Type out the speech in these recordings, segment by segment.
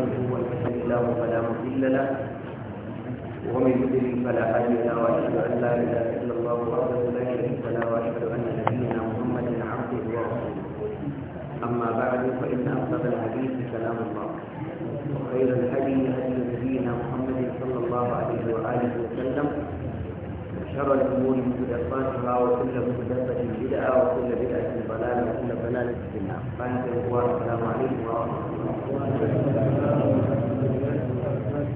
نحمده ونحمد الله فلا مضل له ومن يضلل فلا هادي له واشهد ان لا اله الا الله وحده لا شريك له واشهد ان نبينا محمدا عبده ورسوله اما بعد فان اصدق الحديث كلام الله وخير الهدي هدي نبينا محمد صلى الله عليه واله وسلم شر الأمور مدرساتها وكل مدرسة بدعة وكل بدعة ضلالة وكل ضلالة في النار. فأنا في الإخوان السلام عليكم ورحمة الله وبركاته.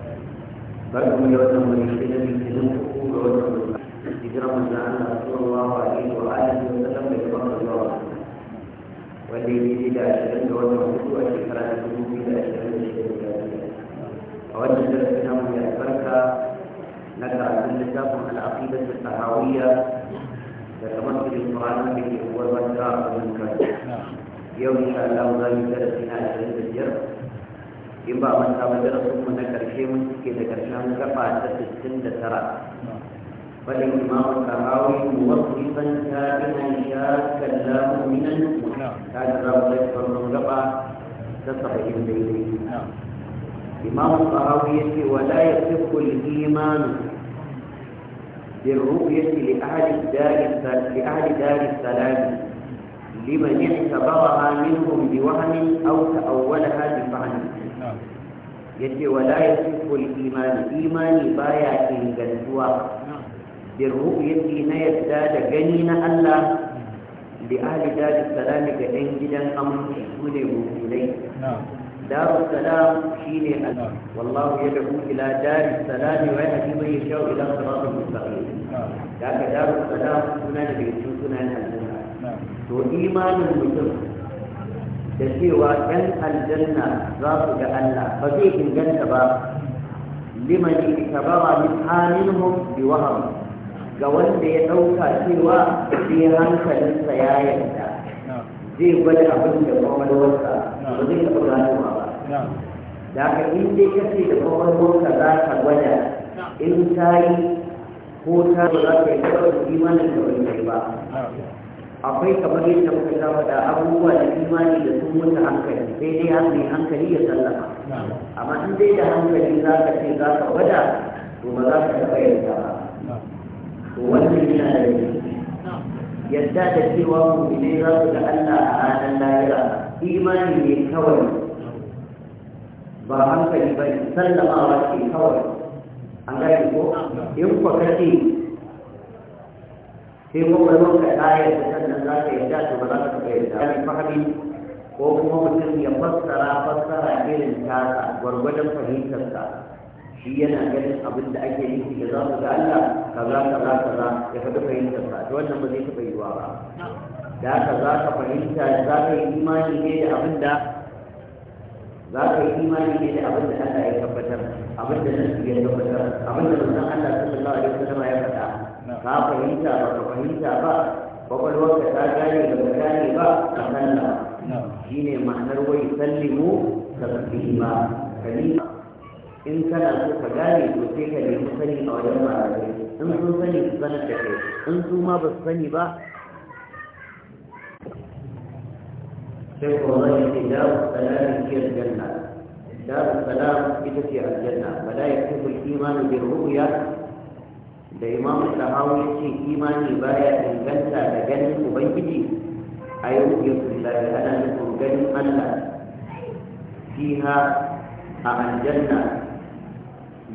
بعد من يوسف من يشتري من حزن حقوق ووجه إجرام الزعامة رسول الله عليه وآله وسلم من بعض الوضع. والذي يريد إلى أشهد أن يوجه حقوق وشكرا لكم إلى أشهد أن يشتري كاملا. أود أن يكون هناك نقرأ كل لكم العقيدة الصحاوية تتمثل القرآن به هو المسرى والمنكر يوم إن شاء الله ذلك درسنا على الفجر إن بعض من كان درسهم من كرشي من كذا كرشان كفى ستة ترى فالإمام الصحاوي موظفا ساكنا شاكا لا مؤمنا كان رابطة فرنقبا تصحيح بيته نعم. imam al-tahawi yace wala yasifu al-iman بالرؤية لأهل دار لأهل دار السلام لمن اعتبرها منهم بوهم أو تأولها بفهم يجي ولا يصف الإيمان إيمان بايا إن جنسوا بالرؤية نيزداد جنين الله لأهل دار السلام كأنجدا أمر سنة مؤمنين دار السلام شيني أنا والله يدعو إلى دار السلام وين من يشاء إلى صراط المستقيم ذاك دار السلام سنة نبي سنة الجنة تو إيمان المسلم تشيوا أن الجنة راسك جهنم فزيك الجنة باب لمن اتبرى من حالهم بوهم جوان بيتوكا سيوا في رنك نعم. زي بدأ بنت محمد وسطى نعم. وزيك أبو da haka in dai ce da kwakwalwarka za ka gwada in ta yi ko ta ba za ka yi taɓa imanin da wani ba akwai kamar yadda muka ta faɗa abubuwa da imani da sun wuce hankali sai dai hankali hankali ya sallama amma in dai da hankali za ka ce za ka gwada to ba za ka taɓa yadda ba to wannan yana da yadda da cewa mu ne za su ga Allah a ranar lahira imani ne kawai ba hankali ba ne sallamawa ce kawai an gari ko in kwa kace sai kwakwalwar ka ɗaya da sannan za ka yarda to ba za ka taɓa yarda ne fahimi ko kuma mutum ya fassara fassara irin tasa gwargwadon fahimtarsa shi yana ganin abin da ake yi da za su ga Allah kaza kaza kaza ya fada fahimtarsa ta wannan ba zai taɓa yiwa ba da haka za ka fahimta za ka yi imani ne da abin da za ka yi imani ne da abin da Allah ya tabbatar abin da nan ya tabbatar abin da manzon Allah sallallahu alaihi wasallam ya faɗa ka fahimta ba ka fahimta ba kwakwalwarka ta gane ba ka gane ba ka sallah shi ne ma'anar wai sallimu ka ba ka in kana so ka gane to sai ka nemi sani a wajen ma'anar in sun sani su sanar da kai in su ma ba su sani ba شيخ الله يأتي دار السلام هي الجنة دار السلام بتسيع الجنة فلا يكتب الإيمان بالرؤيا da ya imam sahawi ya ce imani baya inganta da ganin ubangiji a yau ya kula da ana nufin ganin allah fiha a aljanna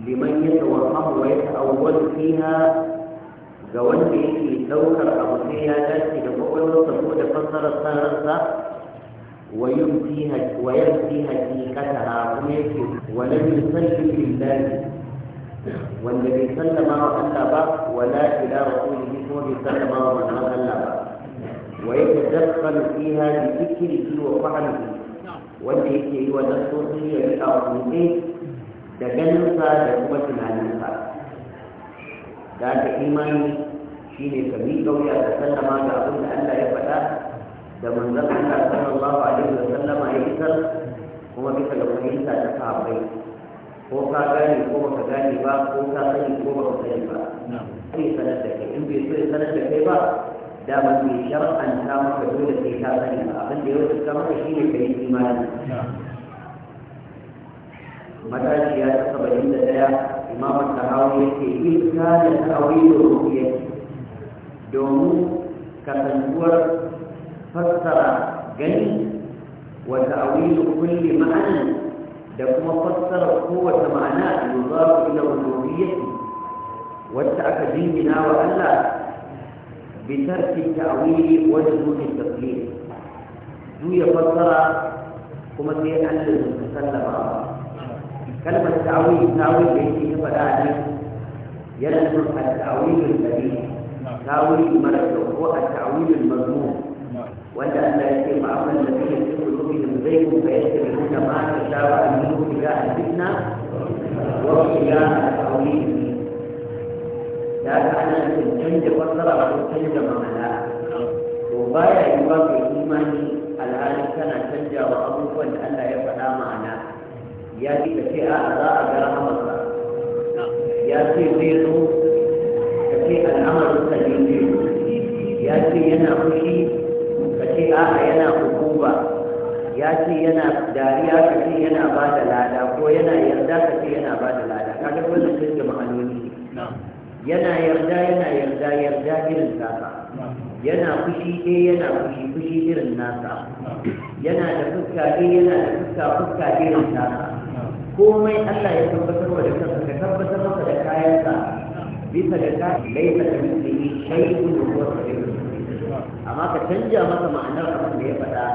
liman ya tawaffahu wa ya ta'awwal fiha ga wanda yake daukar abu sai ya dace da kwakwalwarsa ko da fassarar sararsa ويمسي حقيقتها كما يكي ولم يصلي لله والذي سلم وسلم ولا الى رسوله ثم سلم ومن سلم ويتدخل فيها بفكره وفعله wanda yake yi wa nasosin ya yi a kuɗe da ganinsa da kuma tunaninsa da ta imani shi ne ka miƙa wuya da sallama ga abin da Allah ya faɗa da manzon Allah sallallahu alaihi wa sallama ya isar kuma bisa ga fahimta ta sahabbai ko ka gane ko baka gane ba ko ka sani ko baka sani ba sai sanar da kai in bai so ya sanar da kai ba da ba mai shar'anta maka dole sai ka sani ba abin da ya wuce ka maka shine kai imani matashiya ta saba'in da ɗaya imamar ta tahawi yake in kana tahawi da ruhiyya domin kasantuwar فسر جني وتأويل كل معنى دكما فسر قوة معنى يضاف إلى ربوبية واتأك ديننا وألا بترك التأويل وجنون التقليد دوية فسر كما سيئن عن المتسلم كلمة التأويل التأويل بيتي نبدا عليه يلزم التأويل الذي تأويل مرجو هو التأويل المضمون wanda Allah ya ce ba abin da kake cikin rubin zai ku ga yadda mai nuna ma ta shawa a yi ku ga a wa ku ga da aka ana nufin canja fassara ko canja ma'ana to baya yi ba ku imani al'adun kana abubuwan da Allah ya faɗa ma'ana ya ce ka ce a za a ga rahamarsa ya ce zai zo ka ce ne ya ce yana fushi ce a yana hukuba ya ce yana dariya ka ce yana ba da lada ko yana yarda ka ce yana ba da lada kaga wannan sun da ma'anoni yana yarda yana yarda yarda irin saka yana fushi ɗaya eh, yana fushi fushi irin nasa yana da fuska ɗe eh, yana da fuska fuska irin nasa komai Allah ya tabbatar wa da kansa ka tabbatar masa da kayansa bisa da ka laifin da mutum yi shaikun da kuwa amma ka canja masa ma'anar abin da ya faɗa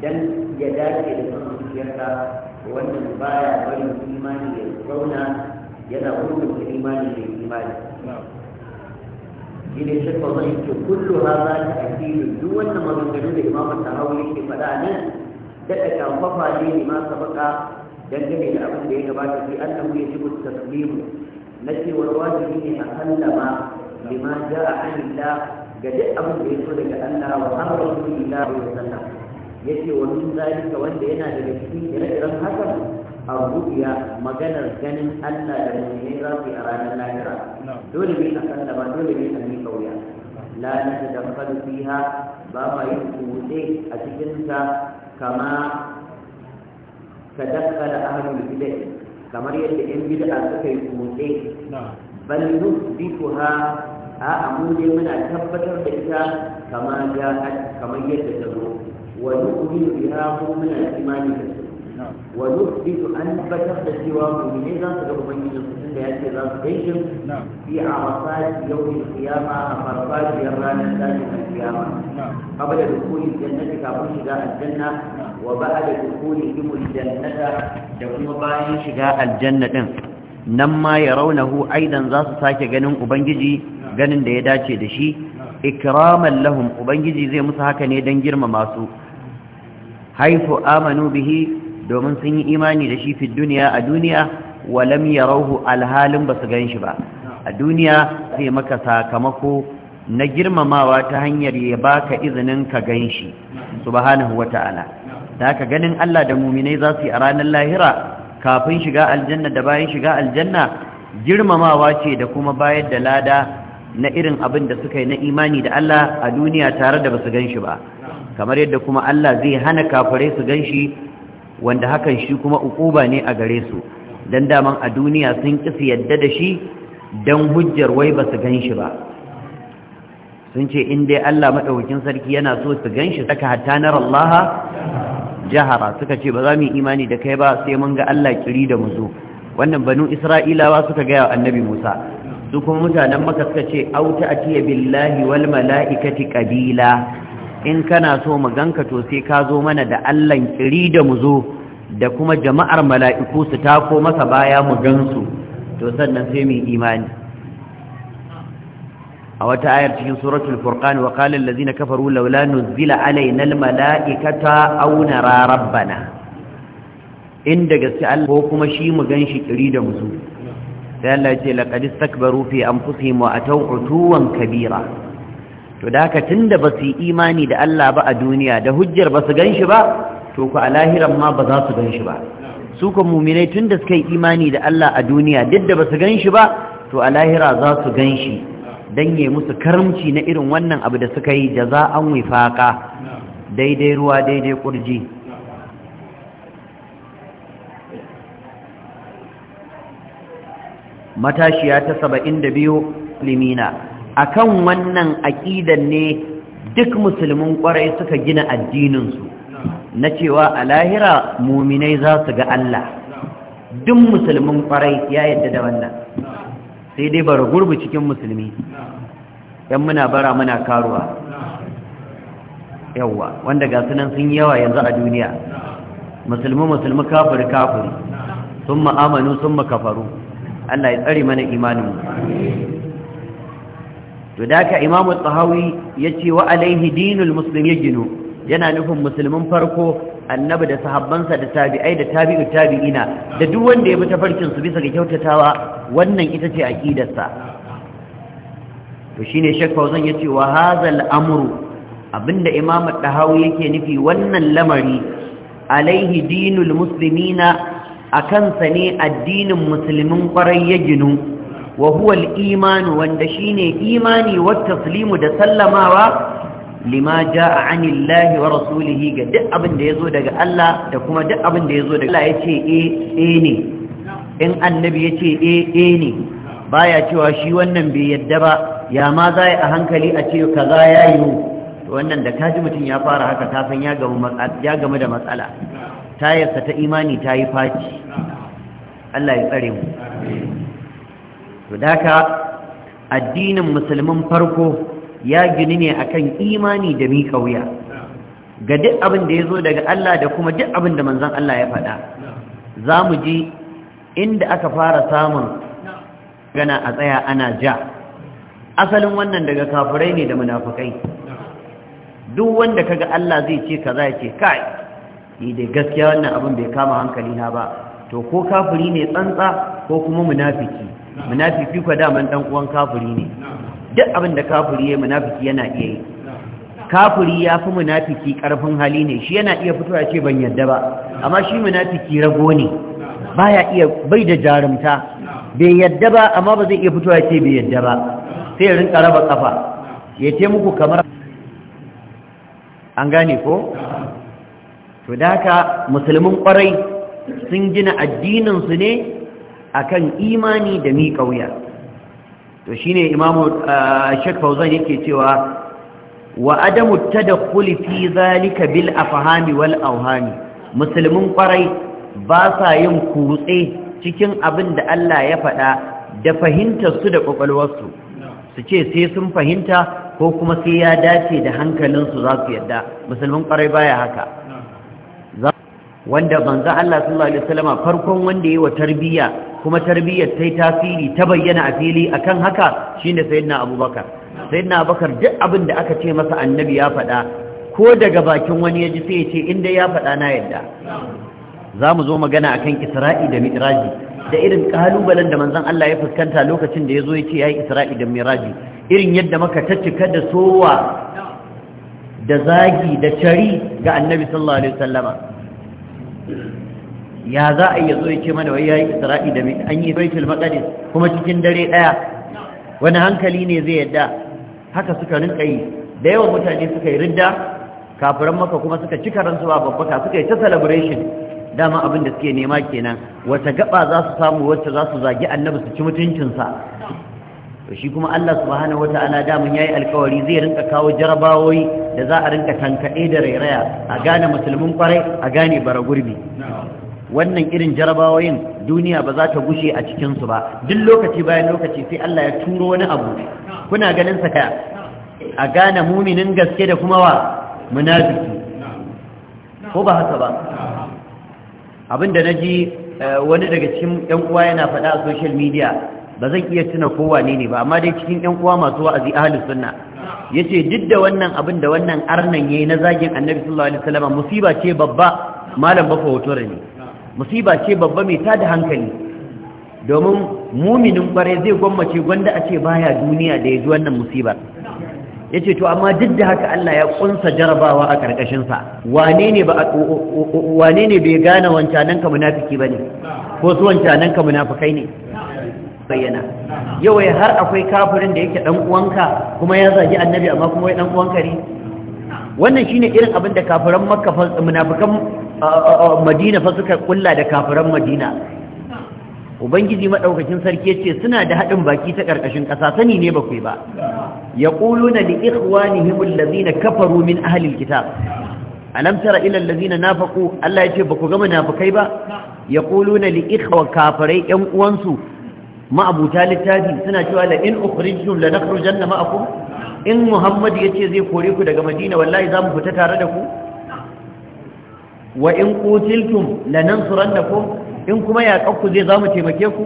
dan ya dace da son zuciyarka wannan baya barin imani ya zauna yana gurbin imani da imani shine ne ba zai ce kullu za ta akidu duk wannan maganganu da ta hau ke faɗa nan daɗa kamfafa ne ne ma sabaka dangane da abin da ya gabata ya annahu yajibu taslimu na cewar wajibi ne a sallama lima ja'a anillah ga duk abin da ya so daga Allah wa an rasulillah wa sallam yake wa min zalika wanda yana daga cikin ire-iren hakan arruya maganar ganin Allah da mu'mini za su yi a ranar lahira dole ne a sallama dole ne a yi kauya la natadakkalu fiha ba ma yi kutse a cikin ta kama da ahlul bid'ah kamar yadda 'yan bid'a suka yi kutse bal nusbituha a'a mu dai muna tabbatar da ita kama ja'at kamar yadda ta zo wa nu'minu biha ko muna imani da su wa nuthbitu an batar da cewa mu'mini za su ga ubangiji su tunda ya ce za su kai shi fi arafat yawmin qiyama a farfajiyar ranar tashin qiyama qabla dukhuli jannati kafin shiga aljanna wa ba'da dukhuli jannata da kuma bayan shiga aljanna din nan ma ya raunahu aidan za su sake ganin ubangiji ganin da ya dace da shi ikraman lahum ubangiji zai musu haka ne don girmama su haifu amanu bihi domin sun yi imani da shi fi duniya a duniya walam yarauhu alhalin ba su gan shi ba a duniya zai maka sakamako na girmamawa ta hanyar ya baka izinin ka gan shi subhanahu wata'ala da haka ganin Allah da muminai za su yi a ranar lahira kafin shiga aljanna da bayan shiga aljanna girmamawa ce da kuma bayar da lada na irin abin da suka yi na imani da Allah a duniya tare da basu ganshi ba kamar yadda kuma Allah zai hana kafare su ganshi wanda hakan shi kuma ukuba ne a gare su dan daman a duniya sun kisi yadda da shi dan hujjar wai basu ganshi ba sun ce in dai Allah madaukakin sarki yana so su ganshi saka hatta nar Allah jahara suka ce ba za mu imani da kai ba sai mun ga Allah kiri da zo. wannan banu Isra'ilawa suka wa annabi Musa su kuma mutanen maka suka ce auta atiya billahi wal mala'ikati qabila in kana so mu ganka to sai ka zo mana da Allah kiri da mu zo da kuma jama'ar mala'iku su tako masa baya mu gansu to sannan sai mu imani a wata ayar cikin suratul furqan wa qala allazina kafaru laula nuzila alaina al mala'ikata aw nara rabbana in da gaske Allah ko kuma shi mu ganshi kiri da mu zo sai Allah ya ce laqad istakbaru fi anfusihim mu a utuwan kabira to da haka da ba su imani da Allah ba a duniya da hujjar ba su ganshi ba to ku a lahiran ma ba za su ganshi ba su kan muminai tunda suka yi imani da Allah a duniya duk da ba su ganshi ba to a lahira za su ganshi dan yi musu karamci na irin wannan abu da suka yi jaza'an wifaka daidai ruwa daidai kurji matashiya ta saba'in da biyu limina a kan wannan aƙidan ne duk musulmin ƙwarai suka gina addininsu na cewa a lahira muminai za su ga Allah duk musulmin ƙwarai ya yadda da wannan sai dai bara gurbi cikin musulmi ‘yan muna bara muna karuwa yawwa wanda ga sunan sun yawa yanzu a duniya musulmi musulmi kafiri kafiri sun ma'amanu sun makafaru Allah ya tsare mana imanin to da imamu tsahawi ya ce wa alaihi dinul musulmi gino yana nufin musulmin farko annabi da sahabbansa da tabi'ai da tabi'u tabi'ina da duk wanda ya bi su bisa ga kyautatawa wannan ita ce aƙidarsa to shine ne zan fauzan ce wa hazal amru abinda imamu tsahawi yake nufi wannan lamari alaihi dinul musulmina a kansa ne addinin musulmin kwarai ya ginu wa huwa imanu wanda shine imani wata taslimu da sallamawa lima a anillahi wa rasulihi ga duk abin da daga Allah da kuma duk abin da daga Allah ya ce, E, e ne in annabi yace ce, eh ne ya cewa shi wannan bai yadda ba ya ma za a hankali a ce kaza yayi wannan da kaji mutum ya fara haka ta san ya gamu da matsala tayarsa ta imani ta yi faci Allah ya tsare mu to daka addinin musulmin farko ya gini ne akan imani da miƙa wuya ga duk abin da ya zo daga Allah da kuma duk abin da manzon Allah ya faɗa za mu ji inda aka fara samun gana a tsaya ana ja asalin wannan daga kafirai ne da munafukai duk wanda kaga Allah zai ce kaza ya ce kai E, da gaskiya wannan abin bai kama hankali na ba to ko kafiri ne tsantsa ko kuma munafiki munafiki ko daman dan uwan kafiri ne duk abin da kafiri ya munafiki yana iya yi kafiri ya fi munafiki karfin hali ne shi yana iya fitowa ya ce ban yadda ba amma shi munafiki rago ne baya iya bai da jarumta bai yadda ba amma ba zai iya fitowa ya ce bai yadda ba sai ya rinka raba kafa ya ce muku kamar an gane ko to da haka musulmin kwarai sun gina addininsu ne akan imani da miƙa wuya to shine imamu shek fauzan yake cewa wa adamu kulifi fi zalika bil afhami wal auhami. musulmin kwarai ba sa yin kutse cikin abin da Allah ya faɗa da fahimtar su da kwakwalwarsu su ce sai sun fahimta ko kuma sai ya dace da hankalinsu za su yadda musulmin kwarai baya haka wanda manzo Allah sallallahu alaihi wasallama farkon wanda yi wa tarbiyya kuma tarbiyyar tai tasiri ta bayyana a fili akan haka shine sayyidina Abubakar sayyidina Abubakar duk abin da aka ce masa annabi ya faɗa ko daga bakin wani ya ji sai ya ce inda ya faɗa na yadda za mu zo magana akan Isra'i da Mi'raji da irin ƙalubalen da manzan Allah ya fuskanta lokacin da ya zo ya ce yi Isra'i da Mi'raji irin yadda maka cika da sowa da zagi da cari ga annabi sallallahu alaihi wasallama ya za a iya zo ce mana wai yi isra'i da an yi baitul maqdis kuma cikin dare daya wani hankali ne zai yadda haka suka rinka yi da yawan mutane suka yi ridda kafiran maka kuma suka cika ransu ba babbaka suka yi ta celebration dama abin da suke nema kenan wata gaba za su samu wacce za su zagi annabi su ci mutuncinsa to shi kuma Allah subhanahu wataala damun yayi alkawari zai rinka kawo jarabawoyi da za a rinka tankade da rairaya a gane musulmin kwarai a gane bara gurbi wannan irin jarabawoyin duniya ba za ta gushe a cikinsu ba duk lokaci bayan lokaci sai Allah ya turo wani abu kuna ganin sa kaya a gane muminin gaske da kuma wa munafiki ko ba haka ba abinda naji eh, wani daga cikin yan uwa yana faɗa a social media ba zan iya tuna kowa ne ne ba amma dai cikin yan uwa masu wa'azi ahlus sunna yace duk da wannan abin da wannan arnan yayi na zagin annabi sallallahu alaihi wasallam musiba ce babba malam ba fa hoto ne musiba ce babba mai tada hankali domin muminin kwarai zai gwammace gwanda a ce baya duniya da ya ji wannan musiba ya ce to amma duk da haka Allah ya kunsa jarabawa a ƙarƙashinsa wane ne bai gane wancanen ka munafiki ba ne ko su wancanen ka munafikai ne bayyana yau ya har akwai kafirin da yake ɗan uwanka kuma ya zagi annabi amma kuma ya ɗan uwanka ne wannan shine irin abin da kafiran makka munafikan madina fa suka kulla da kafiran madina ubangiji maɗaukakin sarki yace suna da haɗin baki ta karkashin kasa sani ne bakwai ba da li ikhwanihim alladhina kafaru min ahli alkitab alam tara ila alladhina nafaqu Allah yace baku ga munafikai ba yaquluna li ikhwa kafarai yan uwansu ma littafi suna cewa la in ukhrijtum lanakhrujanna ma'akum in muhammad ce zai kore ku daga madina wallahi za mu fita tare da ku wa in qutiltum lanansurannakum in kuma ya kakku zai zamu taimake ku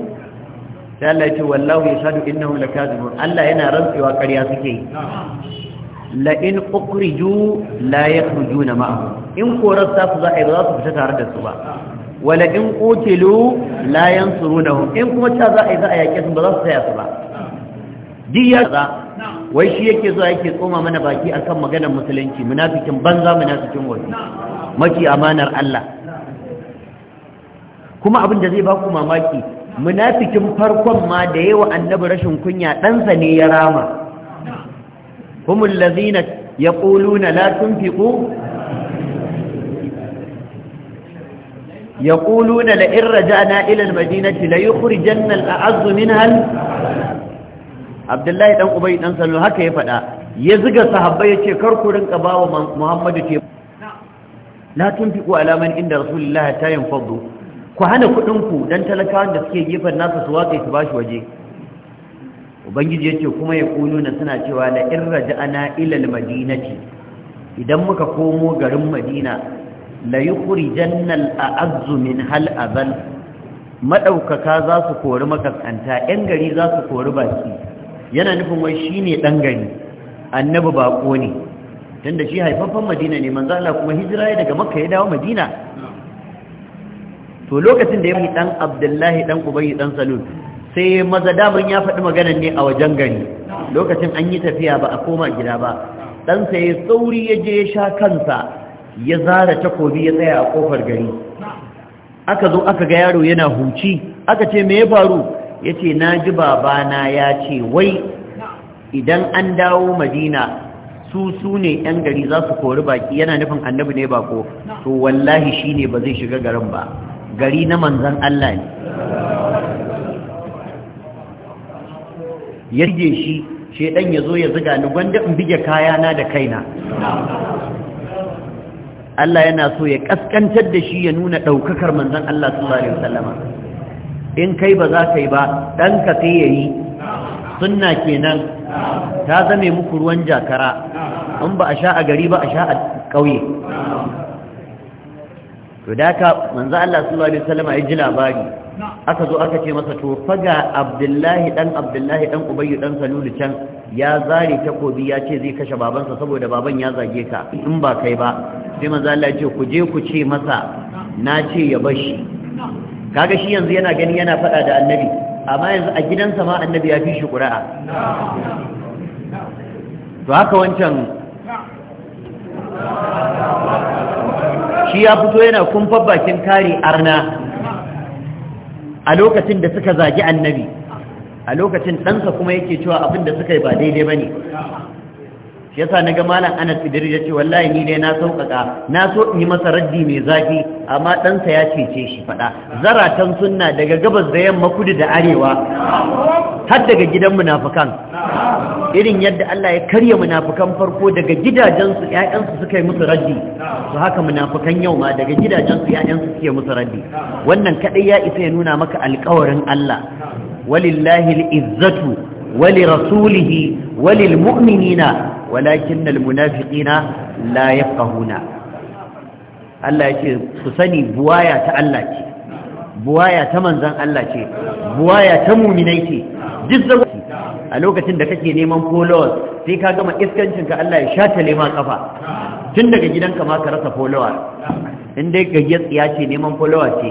sai Allah ya ce wallahu yashhadu innahum lakazibun Allah yana rantsewa ƙarya suke la in ukhriju la yakhrujuna ma'ahu in korar su za a yi za su fita tare da su ba wala in qutilu la yansurunahum in kuma ta za a yi za a yake su ba za su taya su ba diya za wai shi yake zuwa yake tsoma mana baki akan maganar musulunci munafikin banza munafikin wani maki amanar Allah kuma abin da zai ba ku mamaki munafikin farkon ma da yawa annabi rashin kunya ɗansa ne ya rama humul lazina yaquluna la ya yaquluna la in raja'na ila al-madinati la yukhrijanna al-a'azz hal? Abdullahi ɗan Ubay dan Sallu haka ya faɗa ya ziga sahabbai yace kar ku rinka bawa Muhammadu ce Na tunfiqu ala man inda rasulullah ta yanfadu ku hana kudin ku dan talakawan da suke gefen nasa su watsa su bashi waje ubangiji yace kuma ya kununa suna cewa la in raja'ana ila Madinati. idan muka komo garin madina la jannal a min hal abal madaukaka za su kori makaskanta yan gari za su kori baki yana nufin wai shine ɗan gari annabi bako ne tunda shi haifaffen madina ne manzo Allah kuma hijira ya daga makka ya dawo madina to lokacin da ya yi dan abdullahi dan ubayy dan salul sai maza damar ya faɗi magana ne a wajen gari lokacin an yi tafiya ba a koma gida ba ɗansa ya sauri ya je ya sha kansa ya zara takobi ya tsaya a ƙofar gari aka zo aka ga yaro yana huci aka ce me ya faru ya ce na ji babana ya ce wai idan an dawo madina su su ne yan gari za su kori baki yana nufin annabi ne ba ko, to wallahi shi ne ba zai shiga garin ba gari na manzan Allah ne ya rige shi shaidan ya zo ya ziga ni gwanda in bige kayana da kaina Allah yana so ya kaskantar da shi ya nuna ɗaukakar manzan Allah sallallahu alaihi in kai ba za ka yi ba ɗanka sai ya yi sunna kenan ta zame muku ruwan jakara in ba a sha a gari ba a sha a ƙauye to da ka manzo Allah sallallahu alaihi wasallam ya ji labari aka zo aka ce masa to faga Abdullahi dan Abdullahi dan Ubayy dan Salulu can ya zare takobi ya ce zai kashe babansa saboda baban ya zage ka in ba kai ba sai manzo Allah ya ce ku je ku ce masa na ce ya bar shi kaga shi yanzu yana gani yana faɗa da annabi amma yanzu a gidansa ma annabi ya fi shi ƙura'a to haka wancan shi ya fito yana kumfar bakin kare arna a lokacin da suka zagi annabi a lokacin ɗansa kuma yake cewa abin da suka yi ba daidai ba ne shi yasa ga malam Anas Idris ce wallahi ni dai na sauƙaƙa na so in yi masa raddi mai zafi amma ɗansa ya cece shi faɗa zaratan sunna daga gabas da yamma kudu da arewa har daga gidan munafukan irin yadda Allah ya karya munafukan farko daga gidajensu 'ya'yansu suka yi musu raddi su haka munafukan yau ma daga gidajensu 'ya'yansu suke musu raddi wannan kaɗai ya isa ya nuna maka alƙawarin Allah walillahi izzatu ولرسوله وللمؤمنين ولكن المنافقين لا يفقهون الله يقول سسني بوايا الله ce buwaya ta manzan Allah ce buwaya ta muminai ce duk zagwaci a lokacin da kake neman followers sai ka gama iskancinka Allah ya shatale ma kafa tun daga gidanka ma ka rasa followers in dai gayyar tsiya ce neman followers ce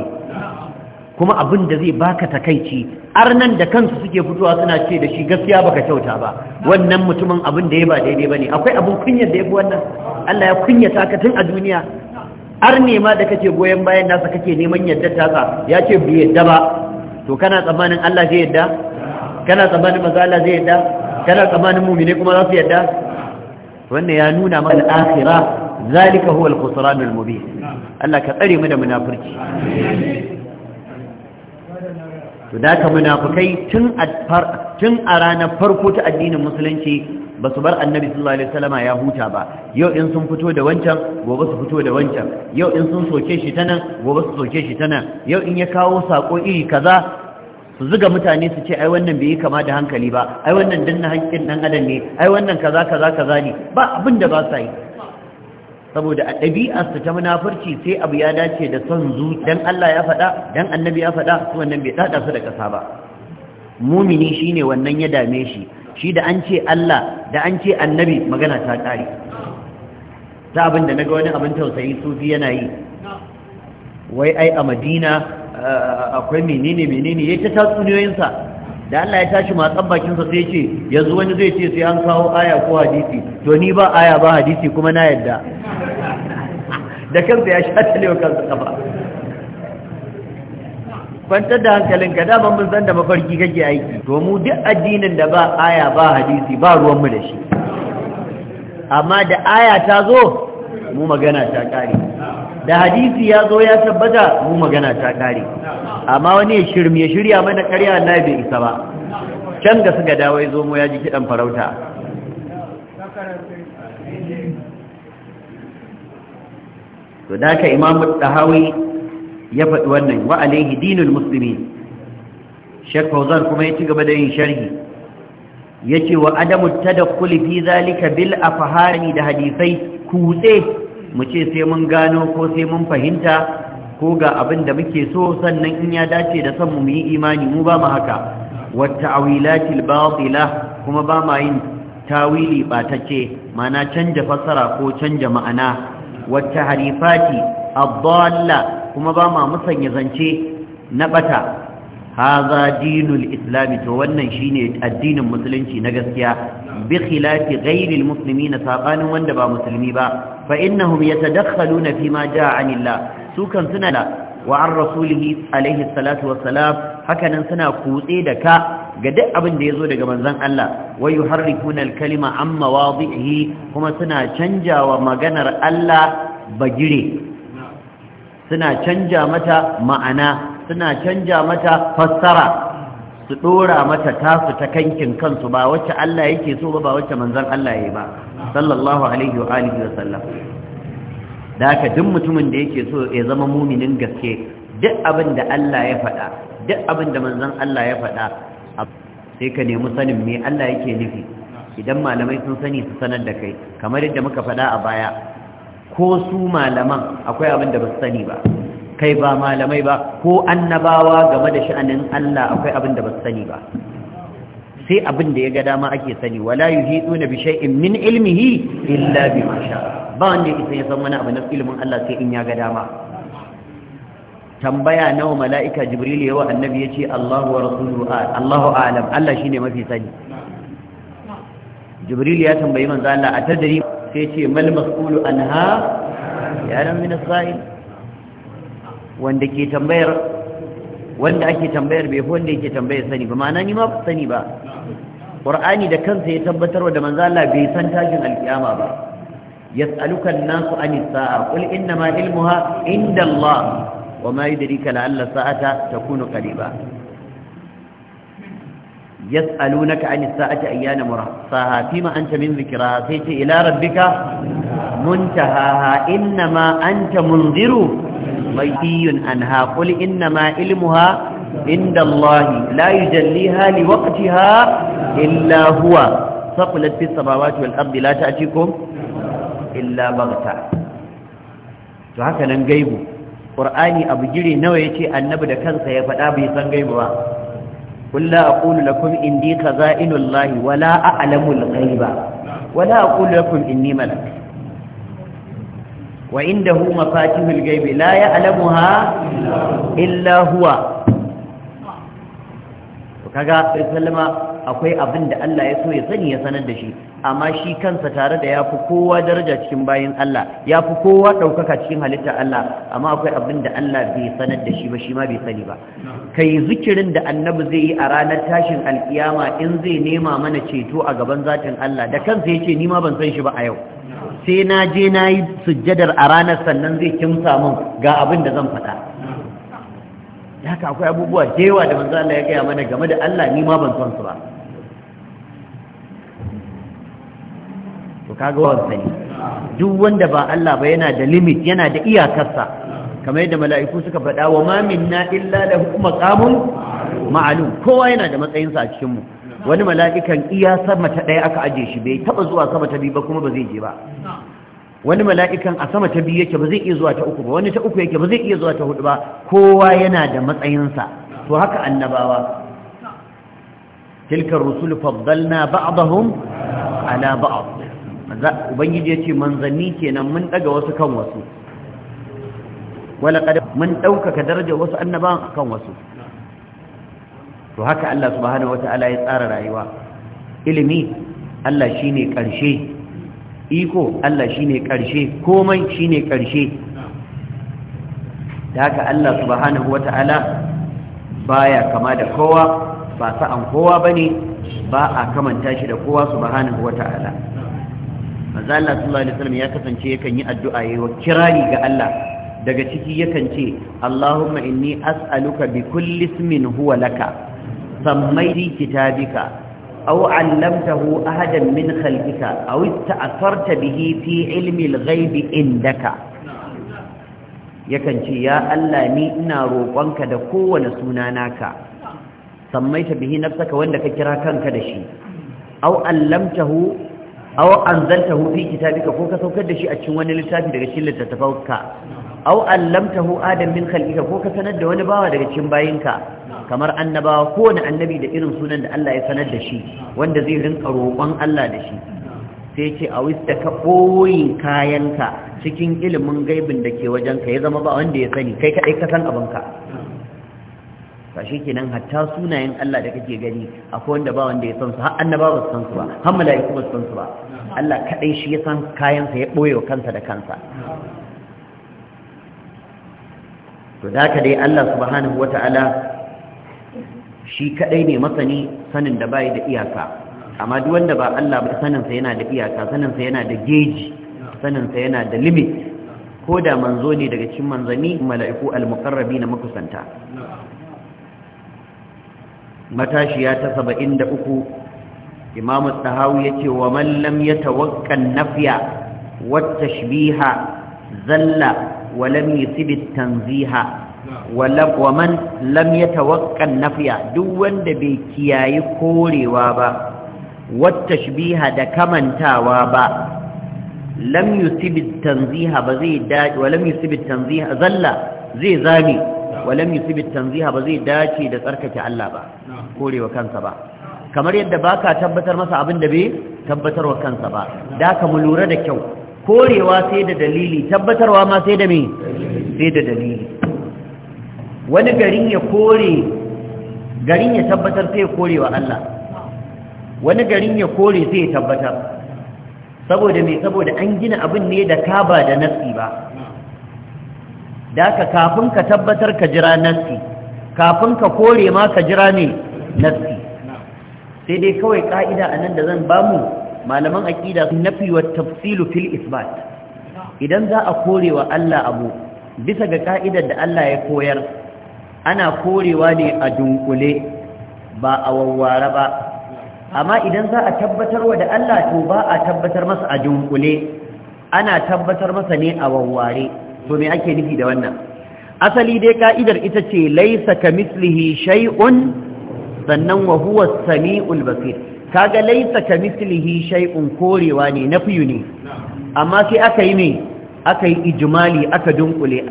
kuma abin da zai baka takaici arnan da kansu suke fitowa suna ce da shi gaskiya baka kyauta ba wannan mutumin abin da ya ba daidai bane akwai abin kunyar da ya fi wannan Allah ya kunyata ka tun a duniya ne ma da kake goyen bayan nasa kake neman yadda tasa ya ce bai yadda ba to kana tsammanin Allah zai yadda kana tsammanin maza Allah zai yadda kana tsammanin mumine kuma za su yadda wannan ya nuna maka al-akhirah zalika huwa al-khusran mubin Allah ka tsare mu da munafurci to da ka munafukai tun a ranar farko ta addinin musulunci ba su bar annabi sallallahu alaihi wasallama ya huta ba yau in sun fito da wancan gobe su fito da wancan yau in sun soke shi ta nan gobe su soke shi ta nan yau in ya kawo sako iri kaza su zuga mutane su ce ai wannan bai yi kama da hankali ba ai wannan danna hankin dan adam ne ai wannan kaza kaza kaza ne ba abin da ba sa yi saboda a ɗabi'arsa ta munafurci sai abu ya dace da son zu dan Allah ya faɗa don annabi ya faɗa su wannan bai tsada su da ƙasa ba mumini shine wannan ya dame shi shi da an ce Allah da an ce annabi magana ta ƙare ta abin da naga wani abin tausayi sufi yana yi wai ai a Madina akwai menene menene ya ta tatsuniyoyinsa da Allah ya tashi matsan bakinsa sai ce yanzu wani zai ce sai an kawo aya ko hadisi to ni ba aya ba hadisi kuma na yadda da kansa ya shatale wa kansa kafa kwantar da hankalinka daban mun san da mafarki kake aiki to mu duk addinin da ba aya ba hadisi ba ruwan mu da shi amma da aya ta zo mu magana ta kare da hadisi ya zo ya tabbata mu magana ta kare amma wani ya shirme ya shirya mana karya Allah bai isa ba can ga suka dawo ya mu ya ji kidan farauta to da ka imamu tahawi ya faɗi wannan wa alaihi dinul muslimin shek fauzan kuma ya ci gaba da yin sharhi yace wa adamu tadakkuli fi zalika bil afhari da hadisai kutse mu ce sai mun gano ko sai mun fahimta ko ga abin da muke so sannan in ya dace da son mu yi imani mu ba mu haka wata awilatil batila kuma ba ma yin tawili batacce mana canja fassara ko canja ma'ana wata harifati abdalla kuma ba ma musanya zance na bata haza dinul islami to wannan shine addinin musulunci na gaskiya bi khilafi ghairil na sabanin wanda ba musulmi ba fa innahum yatadakhaluna fima jaa anillah su kan suna da wa an rasulihi alaihi salatu wassalam hakanan suna kutse da ka ga duk abin da yazo daga manzon Allah wa yuharrifuna al-kalima amma wadihi kuma suna canjawa maganar Allah bagire suna canja mata ma'ana suna canja mata fassara su dora mata tasu ta kankin kansu ba wacce Allah yake so ba ba wacce manzon Allah yayi ba sallallahu alaihi wa alihi wa sallam da ka duk mutumin da yake so ya zama muminin gaske duk abin da Allah ya faɗa duk abin da manzon Allah ya faɗa sai ka nemi sanin me Allah yake nufi idan malamai sun sani su sanar da kai kamar yadda muka faɗa a baya ko su malaman akwai abin da ba su sani ba kai ba malamai ba ko annabawa game da sha'anin Allah akwai abin da ba su sani ba sai abin da ya ga dama ake sani wala yuhiduna bi shay'in min ilmihi illa bima sha'a ba wanda yake ya san wani abu na ilmin Allah sai in ya ga dama tambaya nawa mala'ika jibril yawa annabi yace Allahu wa rasuluhu Allahu a'lam Allah shine mafi sani jibril ya tambayi manzo Allah a tadri sai yace mal mas'ulu anha ya lam min as-sa'il wanda ke tambayar wanda ake tambayar bai wanda yake tambayar sani ba ma'ana ni ma sani ba qur'ani da kansa ya tabbatar da manzo Allah bai san tashin alkiyama ba yas'aluka an-nasu anis sa'a qul inna ma ilmuha inda Allah wa ma yudrika la'alla sa'ata takunu qariba يسألونك عن الساعة أيان مرحصاها فيما أنت من ذكرها سيتي إلى ربك منتهاها إنما أنت منذر غيبي عنها قل إنما علمها عند الله لا يجليها لوقتها إلا هو ثقلت في السماوات والأرض لا تأتيكم إلا بغتة فهكذا نجيبه قرآني أبو جري نويتي النبي كنسى يفتى به سنجيبه قل لا أقول لكم إني خزائن الله ولا أعلم الغيب ولا أقول لكم إني ملك wa huma mafatihul ghaibi la ya'lamuha illa huwa to kaga sallama akwai abin da Allah ya so ya sani ya sanar da shi amma shi kansa tare da ya fi kowa daraja cikin bayin Allah ya fi kowa ɗaukaka cikin halittar Allah amma akwai abin da Allah bai sanar da shi ba shi ma bai sani ba kai zikirin da annabi zai yi a ranar tashin alkiyama in zai nema mana ceto a gaban zatin Allah da kansa ya ce ni ma ban san shi ba a yau sai na je na yi sujjadar a ranar sannan zai kimsa min ga abin da zan faɗa da haka akwai abubuwa da yawa da manzo Allah ya gaya mana game da Allah ni ma ban son su ba to kaga wannan sani duk wanda ba Allah ba yana da limit yana da iyakarsa kamar yadda mala'iku suka faɗa wa ma minna illa lahu maqamun ma'lum kowa yana da matsayinsa a cikin mu wani mala'ikan iya sama ta ɗaya aka aje shi bai taba zuwa sama ta biyu ba kuma ba zai je ba wani mala'ikan a sama ta biyu yake ba zai iya zuwa ta uku ba wani ta uku yake ba zai iya zuwa ta hudu ba kowa yana da matsayinsa to haka annabawa tilkar rusul faddalna ba'dahum ala ba'd ubangiji yace manzanni kenan mun daga wasu kan wasu wala qad mun daukaka darajar wasu annabawan akan wasu to haka Allah subhanahu wata'ala ya tsara rayuwa ilimi Allah shine karshe iko Allah shine karshe komai shine karshe da haka Allah subhanahu wata'ala baya kama da kowa ba sa'an kowa bane ba a kamanta shi da kowa subhanahu wata'ala manzo Allah sallallahu alaihi wasallam ya kasance yakan yi addu'a yayin kirari ga Allah daga ciki yakan ce Allahumma inni as'aluka bi kulli ismin huwa laka سميت كتابك أو علمته أحدا من خلقك أو استأثرت به في علم الغيب عندك yakan ce ya Allah ni ina roƙonka da kowane suna naka sammaita bihi nafsaka wanda ka kira kanka da shi aw allamtahu aw anzaltahu fi kitabika ko ka saukar da shi a cikin wani littafi daga cikin littattafanka au allamtahu adam min khalqika ko ka sanar da wani bawa daga cikin bayinka kamar annabawa kowane annabi da irin sunan da Allah ya sanar da shi wanda zai rinka roƙon Allah da shi sai ce a wista ka ɓoye kayanka cikin ilimin gaibin da ke wajenka ya zama ba wanda ya sani kai kaɗai ka san abinka ba shi ke nan hatta sunayen Allah da kake gani akwai wanda ba wanda ya san su har annaba ba su san su ba har mala'iku ba su san su ba Allah kaɗai shi ya san kayansa ya ɓoye wa kansa da kansa to da ka dai Allah subhanahu wata'ala shi kadai ne masani sanin da bai da iyaka amma duk wanda ba Allah ba sanin sa yana da iyaka sanin sa yana da geji sanin sa yana da limit ko da manzo ne daga cikin manzani mala'iku al-muqarrabin makusanta matashiya ta 73 imam al-tahawi yace wa man lam yatawakkal nafya wat tashbiha zalla ولم يثب التنزيه ومن لم يتوقع النفي duk wanda bai kiyayi korewa ba wattashbiha da kamantawa ba lam yusib at ba zai dace wa lam yusib at zalla zai zame wa lam yusib at ba zai dace da tsarkake Allah ba korewa kansa ba kamar yadda baka tabbatar masa abin da bai tabbatarwa kansa ba da ka mu lura da kyau korewa sai da dalili tabbatarwa ma sai da me sai da dalili wani garin ya kore garin ya tabbatar sai ya kore wa Allah wani garin ya kore sai ya tabbatar saboda me saboda an gina abin ne da kaba da nasi ba da ka kafin ka tabbatar ka jira nasi kafin ka kore ma ka jira ne nasi sai dai kawai ka'ida a nan da zan bamu malaman aqida nafi wa tafsilu fil isbat idan za a wa Allah abu bisa ga ka'idar da Allah ya koyar ana korewa ne a dunkule ba a wawware ba amma idan za a tabbatarwa da Allah to ba a tabbatar masa a dunkule ana tabbatar masa ne a wawware to me ake nufi da wannan asali dai ka'idar ita ce laisa ka shay'un sannan wa huwa samiul basir kaga laisa ka mislihi shay'un korewa ne fiyu ne amma sai aka yi ne aka yi ijmali aka dunkule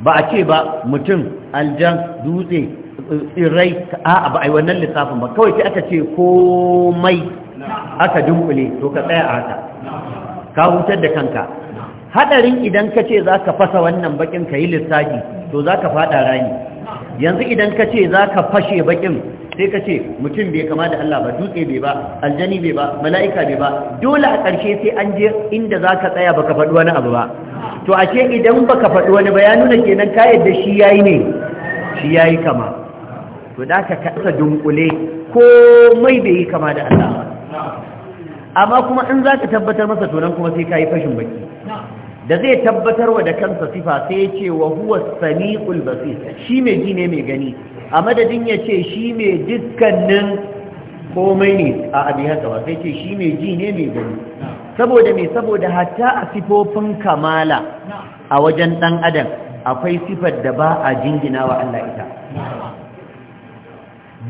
ba a ce ba mutum aljan dutse tsirrai a ba a yi wannan lissafin ba kawai sai aka ce komai aka dunkule to ka tsaya a haka ka hutar da kanka hadarin idan ka ce za ka fasa wannan bakin ka yi lissafi to za ka fada rani yanzu idan ka ce za ka fashe bakin sai ka ce mutum bai kama da Allah ba dutse bai ba aljani bai ba mala'ika bai ba dole a ƙarshe sai an je inda za ka tsaya baka faɗi wani abu ba to ashe idan baka faɗi wani ba ya nuna kenan ka yadda shi yayi ne shi yayi kama to da ka kasa dunkule komai bai yi kama da Allah ba amma kuma in za ka tabbatar masa to nan kuma sai ka yi fashin baki da zai tabbatar wa da kansa sifa sai ya ce wa huwa sami'ul basir shi mai ji ne mai gani a madadin ya ce shi mai dukkanin komai ne a abin hasawa sai ce shi mai ji ne mai gani saboda mai saboda hatta a sifofin kamala a wajen ɗan adam akwai sifar da ba a jingina wa Allah ita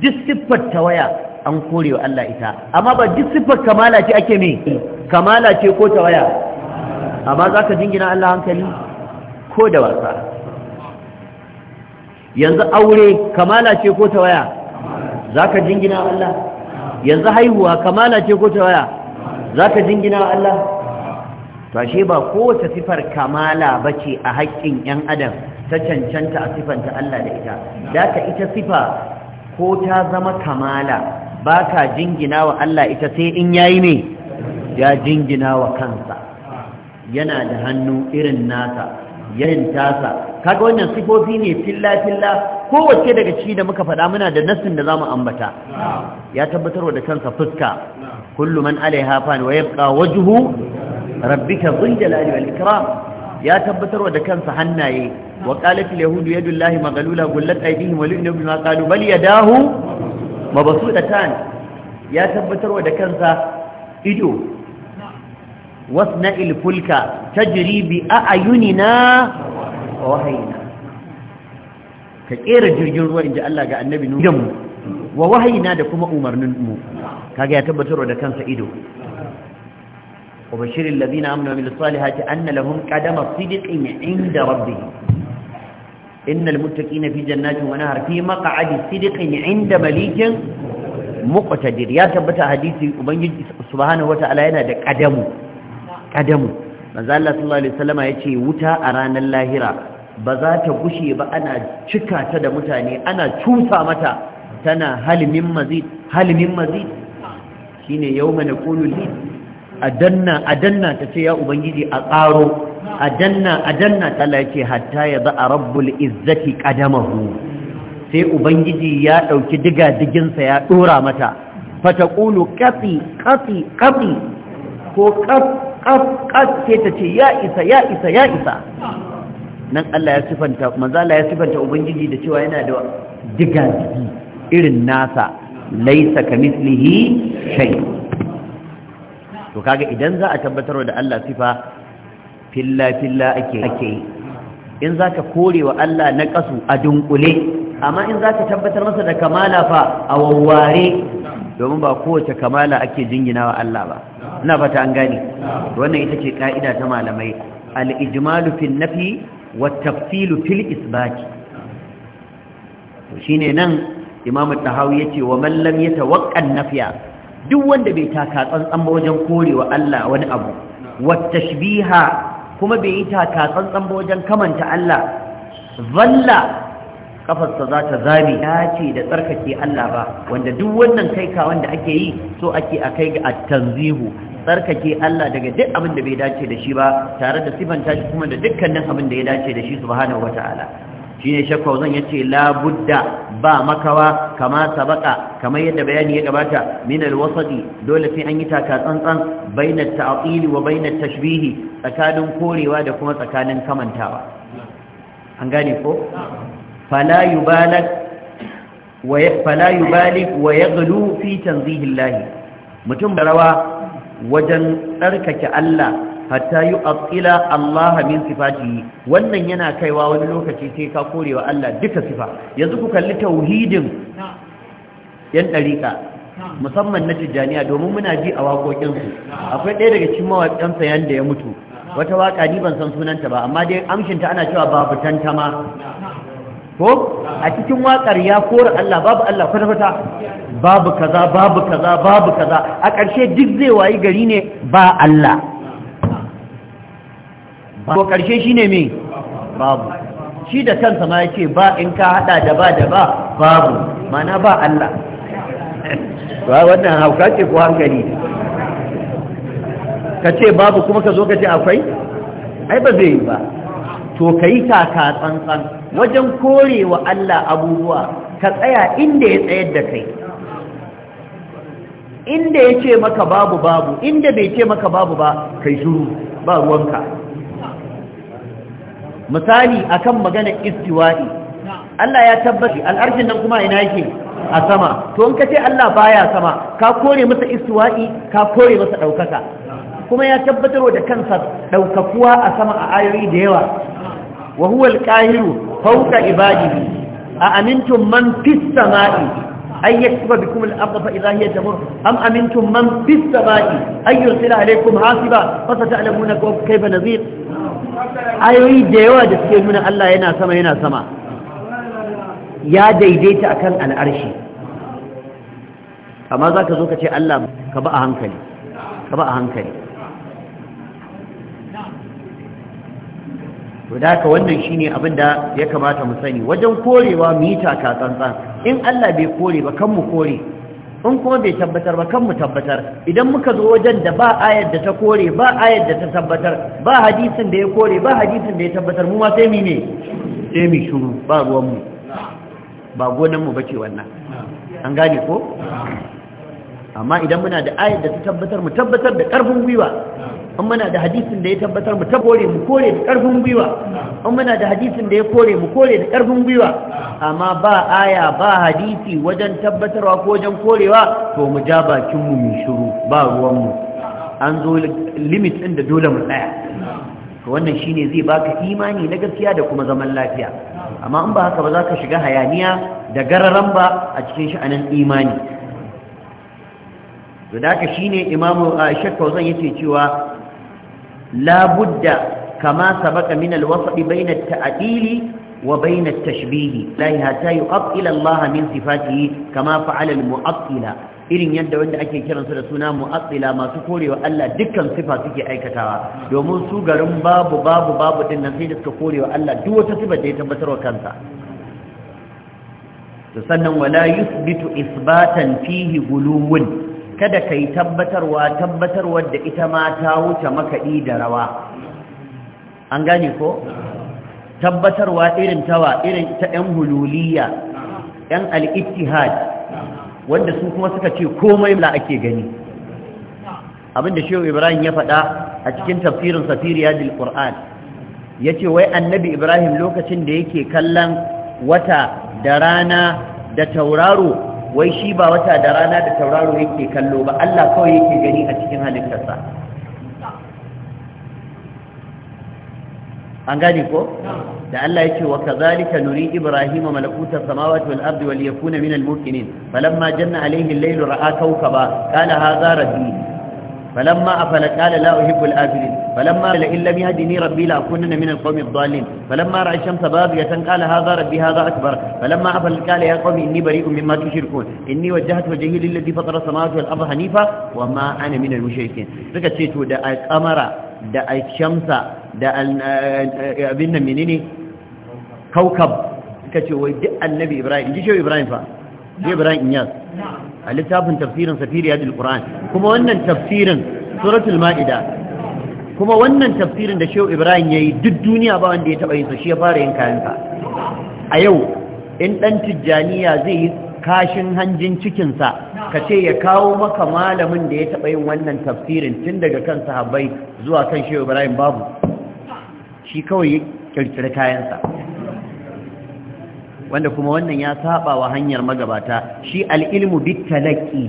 duk ta waya an kore wa Allah ita amma ba duk siffar kamala ce ake mai kamala ce ko ta waya? amma za ka jingina Allah hankali ko da wasa yanzu aure kamala ce ko ta waya, za ka jingina Allah yanzu haihuwa kamala ce ko ta waya, za ka jingina Allah tashe ba kowace sifar kamala ba ce a haƙƙin 'yan adam ta cancanta a sifanta Allah da ita da ka ita sifa ko ta zama kamala ba ka jingina wa Allah ita sai in yayi ne ya jingina wa kansa yana da hannu irin nasa yayin tasa kaga wannan sifofi ne filla filla kowace daga ciki da muka faɗa muna da nassin da zamu ambata ya tabbatar da kansa fuska kullu man alaiha fan wa yabqa wajhu rabbika dhul jalali wal ikram ya tabbatar da kansa hannaye wa qalat al yahud yadullahi maghlula gullat aydihim wa lu'inu bima qalu bal yadahu mabsudatan ya tabbatar da kansa ido wasna ilfulka tajri bi a'yunina wa wahayina ka kera jirgin ruwa inji Allah ga annabi nuhu wa wahayina da kuma umarnin mu kaga ya tabbatar da kansa ido wa bashiril ladina amanu bil salihati anna lahum qadama sidqin 'inda rabbihim innal muttaqina fi jannatin wa nahar fi maq'adi 'inda malikin muqtadir ya tabbata hadisi ubangiji subhanahu wataala yana da ƙadamu ƙadamu manzo Allah sallallahu alaihi wasallama yace wuta a ranar lahira ba za ta gushe ba ana cika ta da mutane ana cusa mata tana halimin mazid halimin mazid shine yawma naqulu li adanna adanna tace ya ubangiji a tsaro adanna adanna tala yace hatta ya za rabbul izzati qadamahu sai ubangiji ya dauki diga diginsa ya dora mata taqulu qati qati qati ko qati Ƙafƙafke ta ce ya isa ya isa ya isa nan Allah ya sifanta manzala ya sifanta ubangiji da cewa yana da digagigi irin nasa laisa kamislihi shay to kaga idan za a tabbatar da Allah sifa filla filla ake ake in zaka kore wa Allah na kasu a dunkule amma in zaka tabbatar masa da kamala fa a wawware domin ba kowace kamala ake jinginawa Allah ba ina fata an gane wannan ita ce ka'ida ta malamai al-ijmalu fil nafi wa tafsilu fil isbati shine nan imamu tahawi ce wa man lam yatawaqqan nafiya duk wanda bai taka tsantsan ba wajen korewa Allah wani abu wa tashbiha kuma bai yi taka tsantsan ba wajen kamanta Allah zalla kafarsa za ta zami. ya ce da tsarkake Allah ba wanda duk wannan kaika wanda ake yi so ake a kai ga a tanzihu tsarkake Allah daga duk abin da bai dace da shi ba tare da sifanta shi kuma da dukkanin abin da ya dace da shi subhanahu wataala shine shakka zan yace la budda ba makawa kama sabaka kamar yadda bayani ya gabata min alwasati dole sai an yi taka tsantsan bainat ta'til wa bainat tashbihi tsakanin korewa da kuma tsakanin kamantawa an gane ko fala yubalak wa fala yubalik wa yaghlu fi tanzihillahi mutum da rawa wajen tsarkake Allah hatta yi atsila Allah min sifati wannan yana kaiwa wani lokaci sai ka korewa Allah duka sifa yanzu ku kalli tauhidin yan ɗariƙa musamman na tijjaniya domin muna ji a waƙoƙinsu akwai ɗaya daga cikin mawaƙansa yanda ya mutu wata waka, ni ban san sunanta ba amma dai amshinta ana cewa babu tantama ko a cikin wakar ya kora Allah babu Allah kwata-kwata babu kaza babu kaza babu kaza a ƙarshe duk zai wayi gari ne ba Allah ko ƙarshe shi ne mai babu shi da kansa ma ya ce ba in ka hada da ba da ba babu mana ba Allah ba wannan hauka ce ko hankali ka ce babu kuma ka zo ka ce akwai ai ba zai yi ba to ka yi kaka tsantsan wajen korewa Allah abubuwa ka tsaya inda ya tsayar da kai inda ya ce maka babu babu inda bai ce maka babu ba kai shuru ba ruwanka misali akan magana istiwa'i Allah ya tabbaci al'arshin nan kuma ina yake a sama to in kace Allah baya sama ka kore masa istiwa'i ka kore masa ɗaukaka kuma ya tabbatarwa da kansa ɗaukakuwa a sama a ayoyi da yawa wa huwa al-qahiru fauka ibadihi a amintum man fis sama'i ay yaksuba bikum al-ardha fa idha hiya tamur am amintum man fis sama'i ay yursila alaykum hasiba fa sata'lamuna kayfa nadhir ayoyi da yawa da suke nuna Allah yana sama yana sama ya daidaita akan al'arshi amma zaka zo ka ce Allah ka ba a hankali ka ba a hankali to da haka wannan shine abin da ya kamata mu sani wajen korewa mu yi taka tsantsan in Allah bai kore ba kan mu kore in kuma bai tabbatar ba kan mu tabbatar idan muka zo wajen da ba ayar da ta kore ba ayar da ta tabbatar ba hadisin da ya kore ba hadisin da ya tabbatar mu ma sai mu ne sai mu shuru ba ruwan ba gonan mu bace wannan an gane ko amma idan muna da ayar da ta tabbatar mu tabbatar da ƙarfin gwiwa an muna da hadisin da ya tabbatar mu tabbore mu kore da ƙarfin gwiwa an muna da hadisin da ya kore mu kore da ƙarfin gwiwa amma ba aya ba hadisi wajen tabbatarwa ko wajen korewa to mu ja bakin mu mu shiru ba ruwan mu an zo limit din da dole mu tsaya to wannan shine zai baka imani na gaskiya da kuma zaman lafiya amma in ba haka ba za ka shiga hayaniya da gararan ba a cikin sha'anin imani to da haka shine imamu shakka zan yace cewa Labudda kama sabaka min alwasf bai na ta'adili wa bayna tashbihi tashbih la hatta yu'attila Allah min sifatihi kama fa'ala al irin yadda wanda ake kiransu da suna mu'attila masu korewa Allah dukkan sifa suke aikatawa domin su garin babu babu babu din nan sai da suka korewa Allah duk wata sifa da ya wa kansa sannan wala yusbitu isbatan fihi guluwun kada ka yi tabbatarwa tabbatarwar da ita ma ta wuce makaɗi da rawa an gane ko? tabbatarwa irin tawa irin ta 'yan hululiya ɗan al'ittihad wanda su kuma suka ce komai mula ake gani abinda shehu ibrahim ya faɗa a cikin tafsirin safiriya dil ƙur'an ya ce wai annabi ibrahim lokacin da yake kallon wata da rana da tauraro wai shi ba wata da rana da tauraro yake kallo ba Allah kawai yake gani a cikin halittarsa an gane ko da Allah yake wa kazalika nuri ibrahim malakuta samawati wal ardi wal yakuna min al muqinin falamma janna alayhi al-layl ra'a kawkaba qala hadha rabbi فلما أفل قال لا أحب الآفلين فلما إن لم يهدني ربي لأكونن من القوم الضالين فلما رأى الشمس باغية قال هذا ربي هذا أكبر فلما أفل قال يا قوم إني بريء مما تشركون إني وجهت وجهي للذي فطر السماوات والأرض حنيفا وما أنا من المشركين فكت شيتو دا القمر دعا الشمس دعا آه، آه، أبن منيني كوكب فكت النبي إبراهيم جيشو إبراهيم فا نعم. إبراهيم إنياس نعم a littafin tafsirin safiriya Al-Qur'an, kuma wannan tafsirin suratul maida kuma wannan tafsirin da shehu ibrahim yayi duk duniya ba wanda ya taba yin sa shi ya fara yin kayansa. a yau in dan tijjaniya zai yi kashin hanjin cikin sa ce ya kawo maka malamin da ya taba yin wannan tafsirin tun daga kan sahabbai zuwa kan shehu ibrahim babu shi kawai ya kirkiri kayan wanda kuma wannan ya saba wa hanyar magabata shi alilmu ilmu bitalaqi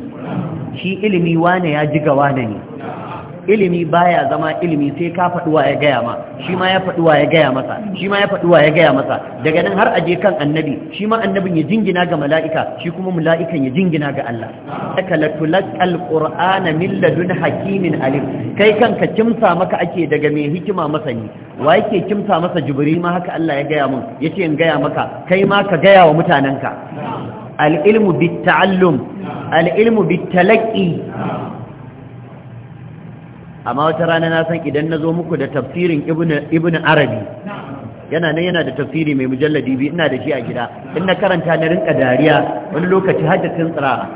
shi ilimi wane ya jiga wane ne ilimi baya zama ilimi sai ka faduwa ya gaya ma shi ma ya faduwa ya gaya masa shi ma ya faduwa ya gaya masa daga nan har a je kan annabi shi ma annabin ya jingina ga mala'ika shi kuma mala'ikan ya jingina ga Allah aka latulqal qur'ana min ladun hakimin alim kai kanka kimsa maka ake daga mai hikima masani wa yake kimsa masa jibril ma haka Allah ya gaya mun yace in gaya maka kai ma ka gaya wa mutananka al ilmu bit ta'allum al ilmu bit talaqqi amma wata rana na san idan na zo muku da tafsirin ibn arabi yana nan yana da tafsiri mai mujalladi biyu ina da shi a gida in na karanta na rinka dariya wani lokaci har da tsirara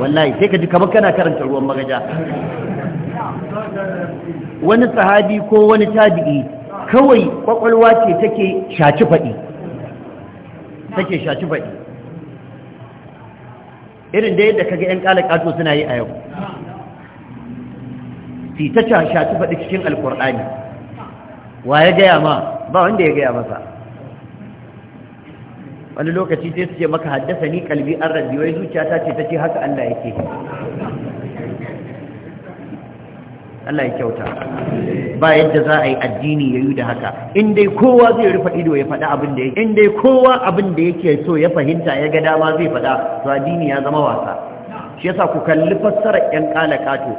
wallahi sai ka ji kamar kana karanta ruwan magaja wani sahabi ko wani tabi'i kawai kwakwalwa ce take shaci faɗi take shaci faɗi irin da yadda kaga 'yan ƙalaƙato suna yi a yau su ta casha ta faɗi cikin alkur'ani wa ya gaya ma ba wanda ya gaya masa wani lokaci sai su ce maka haddasa ni kalbi an rabi wai zuciyata ce ta ce haka Allah yake Allah ya kyauta ba yadda za a yi addini ya yi da haka in dai kowa zai rufa ido ya faɗa abin da ke inda kowa abin da yake so ya fahimta ya ga dama zai faɗa to addini ya zama wasa shi yasa ku kalli fassarar ƴan kalakato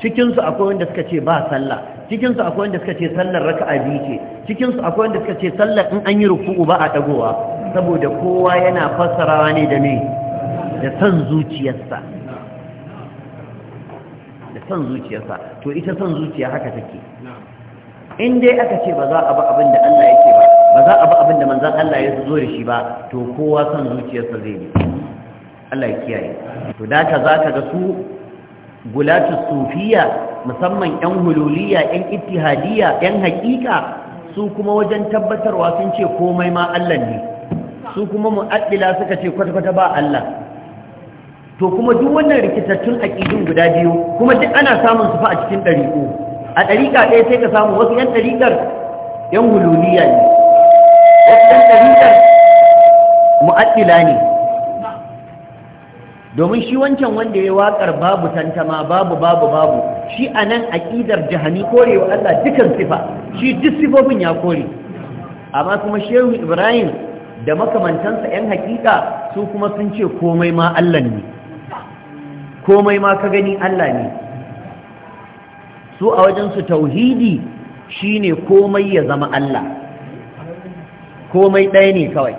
cikinsu akwai wanda suka ce ba sallah cikinsu akwai wanda suka ce sallar raka'a biyu ce cikinsu akwai wanda suka ce sallar in an yi ruku'u ba a dagowa saboda kowa yana fassarawa ne da me da san zuciyarsa da san zuciyarsa to ita san zuciya haka take in dai aka ce ba za a ba abin da Allah yake ba ba za a ba abin da manzon Allah ya zo da shi ba to kowa san zuciyarsa zai ne Allah ya kiyaye to da ka zaka ga su gulatu sufiya musamman 'yan hululiya 'yan ittihadiya 'yan haƙiƙa su kuma wajen tabbatarwa sun ce komai ma Allah ne su kuma mu'addila suka ce kwata-kwata ba Allah to kuma duk wannan rikitattun aƙidun guda biyu kuma duk ana samun su fa a cikin ɗariƙo a ɗariƙa ɗaya sai ka samu wasu 'yan ɗariƙar 'yan hululiya ne wasu 'yan ɗariƙar mu'addila ne domin shi wancan wanda ya yi waƙar babu tantama babu babu babu shi a nan aƙidar jahani kore wa Allah dukan sifa shi duk sifofin ya kore amma kuma shehu ibrahim da makamantansa 'yan hakika su kuma sun ce komai ma Allah ne komai ma ka gani Allah ne su a wajensu tauhidi shine komai ya zama Allah komai ɗaya ne kawai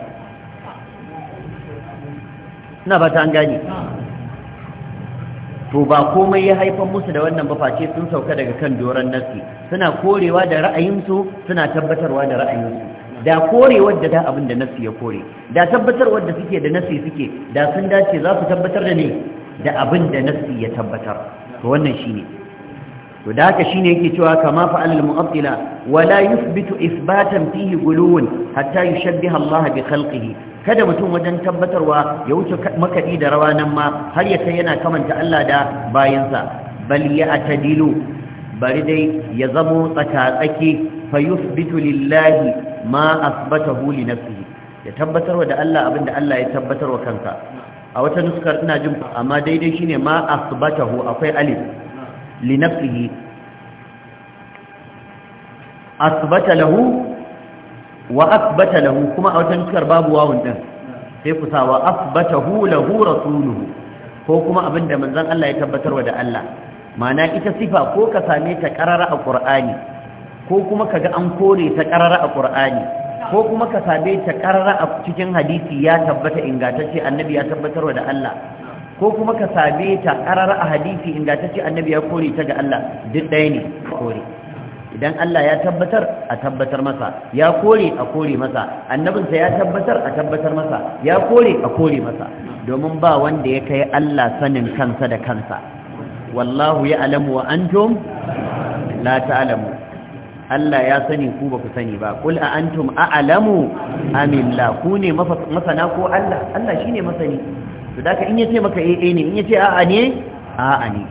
na ba ta gani to ba komai ya haifar musu da wannan ba face sun sauka daga kan doron nassi suna korewa da ra'ayinsu suna tabbatarwa da ra'ayinsu da korewar da ta abin da nassi ya kore da tabbatarwar da suke da nassi suke da sun dace za su tabbatar da ne da abin da nassi ya tabbatar to wannan shi ne. to da haka shi ne yake cewa kama fa'alul mu'attila wala yuthbitu isbatan fihi guluwun hatta yushabbiha Allah bi khalqihi kada mutum wajen tabbatarwa ya wuce makaɗi da rawa nan ma har ya kai yana kamanta Allah da bayansa bal ya atadilu bari dai ya zamo tsakatsaki fa yuthbitu lillahi ma asbatahu li nafsihi ya tabbatarwa da Allah abinda Allah ya tabbatarwa kanka. a wata nuskar ina jin amma daidai shine ma asbatahu akwai alif li nafsihi asbata lahu wa asbata lahu kuma a wata cikar babu wawun din sai ku sa wa hu lahu rasuluhu ko kuma abinda manzon Allah ya tabbatarwa da Allah ma'ana ita sifa ko ka same ta karara a Qur'ani ko kuma ka ga an kore ta karara a Qur'ani ko kuma ka same ta karara a cikin hadisi ya tabbata ingantacce annabi ya tabbatarwa da Allah ko kuma ka same ta karara a hadisi ingantacce annabi ya kore ta ga Allah duk ɗaya ne kore idan Allah ya tabbatar a tabbatar masa ya kore a kore masa annabinsa ya tabbatar a tabbatar masa ya kore a kore masa domin ba wanda ya kai Allah sanin kansa da kansa wallahu ya alamu wa antum la ta'lamu Allah ya sani ku ba ku sani ba kul a antum a'lamu Amin. La ku ne masana ko Allah Allah shine masani to da in yace maka eh eh ne in yace a'a ne a'a ne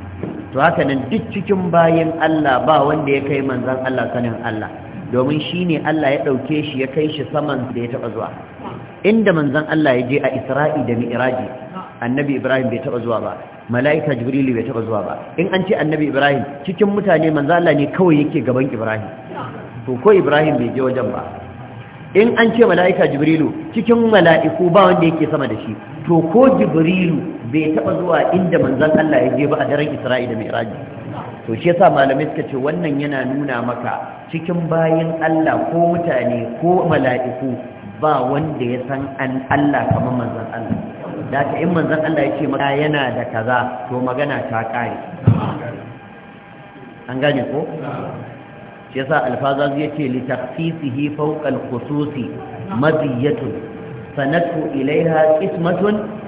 to haka nan duk cikin bayin Allah ba wanda ya kai Manzan Allah sanin Allah domin shi ne Allah ya ɗauke shi ya kai shi saman da ya taɓa zuwa inda Manzan Allah ya je a Isra'i da mi'iraji annabi Ibrahim bai taɓa zuwa ba mala'ika Jibrilu bai taɓa zuwa ba in an ce annabi Ibrahim cikin mutane manzan Allah ne kawai yake gaban Ibrahim to ko Ibrahim bai je wajen ba in an ce mala'ika Jibrilu cikin mala'iku ba wanda yake sama da shi to ko Jibrilu bai taba zuwa inda manzan Allah ya je ba a daren Isra'i da Mi'raj to shi yasa malamai suka ce wannan yana nuna maka cikin bayan Allah ko mutane ko mala'iku ba wanda ya san an Allah kamar manzon Allah da ka in manzon Allah ya ce maka yana da kaza to magana ta kare an gane ko shi yasa alfaza zai ce li takhsisihi fawqa al-khususi sanatu ilaiha ismatun